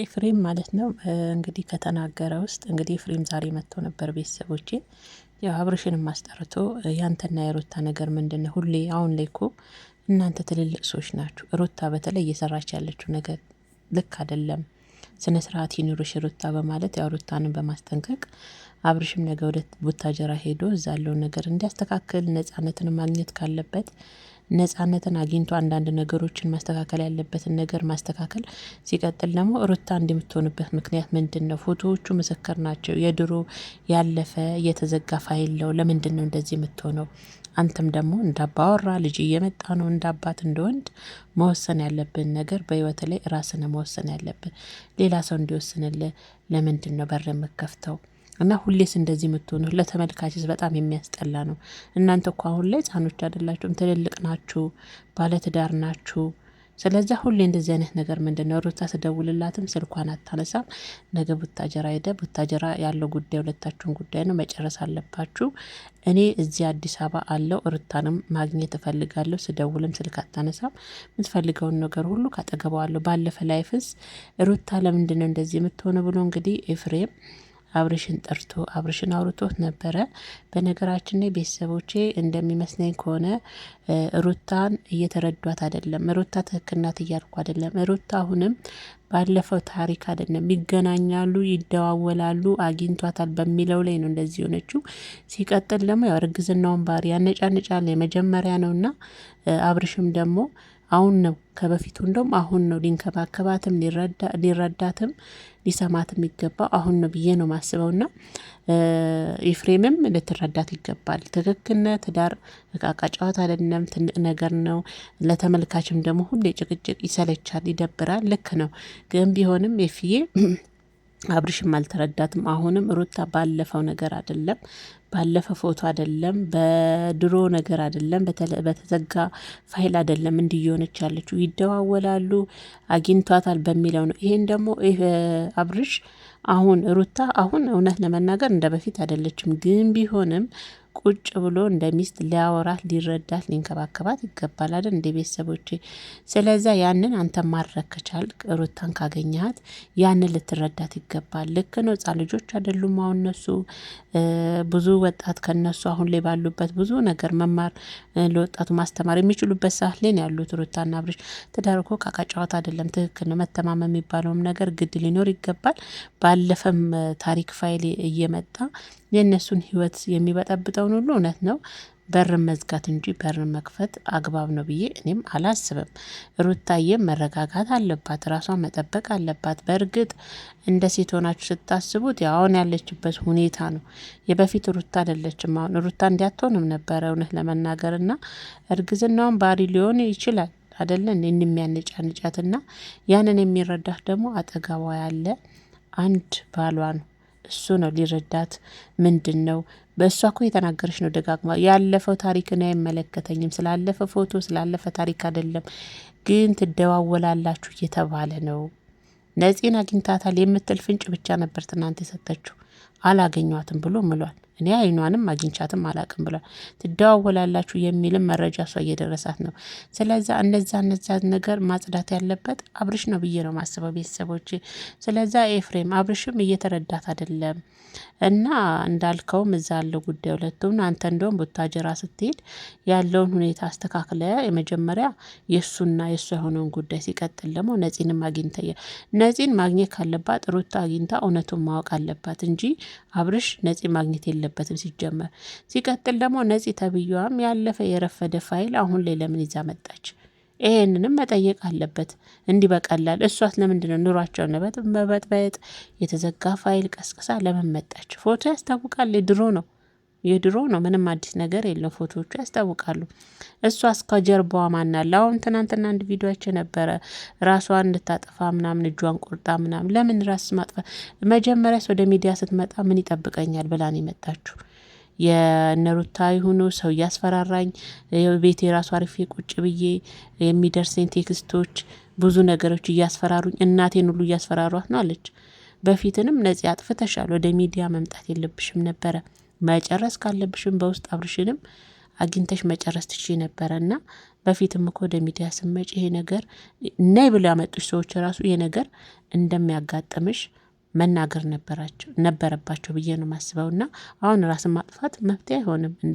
ኤፍሬም ማለት ነው እንግዲህ ከተናገረ ውስጥ እንግዲህ ኤፍሬም ዛሬ መጥቶ ነበር። ቤተሰቦቼ ያው አብርሽንም ማስጠርቶ ያንተና የሮታ ነገር ምንድን ነው? ሁሌ አሁን ላይ እኮ እናንተ ትልልቅ ሰዎች ናችሁ። ሮታ በተለይ እየሰራች ያለችው ነገር ልክ አይደለም፣ ስነ ስርዓት ይኑርሽ ሮታ በማለት ያው ሮታንን በማስጠንቀቅ አብርሽም ነገ ወደ ቡታጀራ ሄዶ እዛ ያለውን ነገር እንዲያስተካክል ነጻነትን ማግኘት ካለበት ነጻነትን አግኝቶ አንዳንድ ነገሮችን ማስተካከል ያለበትን ነገር ማስተካከል፣ ሲቀጥል ደግሞ ሩታ እንደምትሆንበት ምክንያት ምንድን ነው? ፎቶዎቹ ምስክር ናቸው። የድሮ ያለፈ የተዘጋ ፋይል ነው። ለምንድን ነው እንደዚህ የምትሆነው? አንተም ደግሞ እንዳባወራ ልጅ እየመጣ ነው፣ እንደ አባት መወሰን ያለብን ነገር በህይወት ላይ ራስን መወሰን ያለብን ሌላ ሰው እንዲወስንልህ ለምንድን ነው በር የምከፍተው? እና ሁሌስ እንደዚህ የምትሆኑ ለተመልካችስ በጣም የሚያስጠላ ነው። እናንተ እኮ አሁን ላይ ህጻኖች አይደላችሁም፣ ትልልቅ ናችሁ፣ ባለትዳር ናችሁ። ስለዚያ ሁሌ እንደዚህ አይነት ነገር ምንድን ነው? ሩታ ስደውልላትም ስልኳን አታነሳም። ነገ ቡታጀራ ሄደ፣ ቡታጀራ ያለው ጉዳይ ሁለታችሁን ጉዳይ ነው፣ መጨረስ አለባችሁ። እኔ እዚህ አዲስ አበባ አለው፣ ሩታንም ማግኘት እፈልጋለሁ። ስደውልም ስልክ አታነሳም። የምትፈልገውን ነገር ሁሉ ካጠገበዋለሁ። ባለፈ ላይፍስ ሩታ ለምንድን ነው እንደዚህ የምትሆነ ብሎ እንግዲህ ኤፍሬም አብርሽን ጠርቶ አብርሽን አውርቶት ነበረ። በነገራችን ላይ ቤተሰቦቼ እንደሚመስለኝ ከሆነ ሩታን እየተረዷት አይደለም። ሩታ ትክክል እያልኩ አይደለም። ሩታ አሁንም ባለፈው ታሪክ አይደለም። ይገናኛሉ፣ ይደዋወላሉ፣ አግኝቷታል በሚለው ላይ ነው እንደዚህ የሆነችው። ሲቀጥል ደግሞ ያው እርግዝናውን ባህሪ ያነጫንጫል፣ የመጀመሪያ ነውና አብርሽም ደግሞ አሁን ነው ከበፊቱ እንደውም አሁን ነው ሊንከባከባትም ሊረዳትም ሊሰማት የሚገባው አሁን ነው ብዬ ነው ማስበው። ና ኤፍሬምም ልትረዳት ይገባል። ትክክልነ ትዳር እቃቃ ጨዋታ አይደለም፣ ትልቅ ነገር ነው። ለተመልካችም ደግሞ ሁሌ ጭቅጭቅ ይሰለቻል፣ ይደብራል። ልክ ነው ግን ቢሆንም ኤፍዬ አብርሽም አልተረዳትም። አሁንም ሩታ ባለፈው ነገር አይደለም፣ ባለፈ ፎቶ አይደለም፣ በድሮ ነገር አይደለም፣ በተዘጋ ፋይል አይደለም እንዲህ ያለችው። ይደዋወላሉ፣ አግኝቷታል በሚለው ነው። ይሄን ደግሞ አብርሽ አሁን ሩታ አሁን እውነት ለመናገር እንደ በፊት አይደለችም፣ ግን ቢሆንም ቁጭ ብሎ እንደ ሚስት ሊያወራት፣ ሊረዳት፣ ሊንከባከባት ይገባል አይደል? እንደ ቤተሰቦች። ስለዛ ያንን አንተ ማድረግ ከቻልክ ሩታን ካገኘሃት ያንን ልትረዳት ይገባል። ልክ ነው። ጻ ልጆች አይደሉም። አሁን እነሱ ብዙ ወጣት ከነሱ አሁን ላይ ባሉበት ብዙ ነገር መማር ለወጣቱ ማስተማር የሚችሉበት ሰዓት ላይ ያሉት። ሩታና አብርሽ ትዳር እኮ ዕቃ ጨዋታ አይደለም። ትክክል ነው። መተማመን የሚባለውም ነገር ግድ ሊኖር ይገባል። ባለፈም ታሪክ ፋይል እየመጣ የእነሱን ህይወት የሚበጠብጠውን ሁሉ እውነት ነው በር መዝጋት እንጂ በር መክፈት አግባብ ነው ብዬ እኔም አላስብም። ሩታዬም መረጋጋት አለባት፣ ራሷን መጠበቅ አለባት። በእርግጥ እንደ ሴት ሆናችሁ ስታስቡት አሁን ያለችበት ሁኔታ ነው። የበፊት ሩታ አይደለችም። አሁን ሩታ እንዲያትሆንም ነበረ እውነት ለመናገር እና እርግዝናውን ባሪ ሊሆን ይችላል አደለን? አደለ እንደሚያነጫንጫትና ያንን የሚረዳት ደግሞ አጠገቧ ያለ አንድ ባሏ ነው። እሱ ነው ሊረዳት ምንድን ነው በእሷ እኮ የተናገረች ነው ደጋግማ ያለፈው ታሪክን አይመለከተኝም፣ ስላለፈ ፎቶ ስላለፈ ታሪክ አይደለም፣ ግን ትደዋወላላችሁ እየተባለ ነው። ነፂን አግኝታታል የምትል ፍንጭ ብቻ ነበር ትናንት የሰጠችው። አላገኟትም ብሎ ምሏል እኔ አይኗንም አግኝቻትም አላቅም ብሏል። ትደዋወላላችሁ የሚልም መረጃ እሷ እየደረሳት ነው። ስለዛ እነዛ እነዛ ነገር ማጽዳት ያለበት አብርሽ ነው ብዬ ነው ማስበው ቤተሰቦች። ስለዛ ኤፍሬም አብርሽም እየተረዳት አይደለም እና እንዳልከውም እዛ ያለው ጉዳይ ሁለቱም አንተ እንደውም ቡታጀራ ስትሄድ ያለውን ሁኔታ አስተካክለ የመጀመሪያ የእሱና የእሱ የሆነውን ጉዳይ ሲቀጥል ደግሞ ነፂንም አግኝተየ ነፂን ማግኘት ካለባት ሩታ አግኝታ እውነቱን ማወቅ አለባት እንጂ አብርሽ ነፂ ማግኘት የለበትም ሲጀመር። ሲቀጥል ደግሞ ነፂ ተብዬዋም ያለፈ የረፈደ ፋይል አሁን ላይ ለምን ይዛ መጣች? ይሄንንም መጠየቅ አለበት። እንዲህ በቀላል እሷት ለምንድን ነው ኑሯቸውን መበጥበጥ፣ የተዘጋ ፋይል ቀስቅሳ ለምን መጣች? ፎቶ ያስታውቃል። ድሮ ነው የድሮ ነው። ምንም አዲስ ነገር የለም። ፎቶዎቹ ያስታውቃሉ። እሷስ ከጀርባዋ ማናለ? አሁን ትናንትና አንድ ቪዲዮቸው ነበረ ራሷን እንድታጠፋ ምናምን እጇን ቆርጣ ምናምን። ለምን ራስ ማጥፋ? መጀመሪያስ ወደ ሚዲያ ስትመጣ ምን ይጠብቀኛል ብላን ነው የመጣችሁ። የነሩታ ይሁኑ ሰው እያስፈራራኝ ቤት የራሱ አሪፌ ቁጭ ብዬ የሚደርሰኝ ቴክስቶች ብዙ ነገሮች እያስፈራሩኝ እናቴን ሁሉ እያስፈራሯት ነው አለች። በፊትንም ነፂ አጥፍተሻል፣ ወደ ሚዲያ መምጣት የለብሽም ነበረ መጨረስ ካለብሽም በውስጥ አብርሽንም አግኝተሽ መጨረስ ትች ነበረ እና በፊትም እኮ ወደ ሚዲያ ስመጭ ይሄ ነገር ነይ ብሎ ያመጡሽ ሰዎች ራሱ ይሄ ነገር እንደሚያጋጥምሽ መናገር ነበረባቸው ብዬ ነው ማስበው። እና አሁን ራስን ማጥፋት መፍትሄ አይሆንም።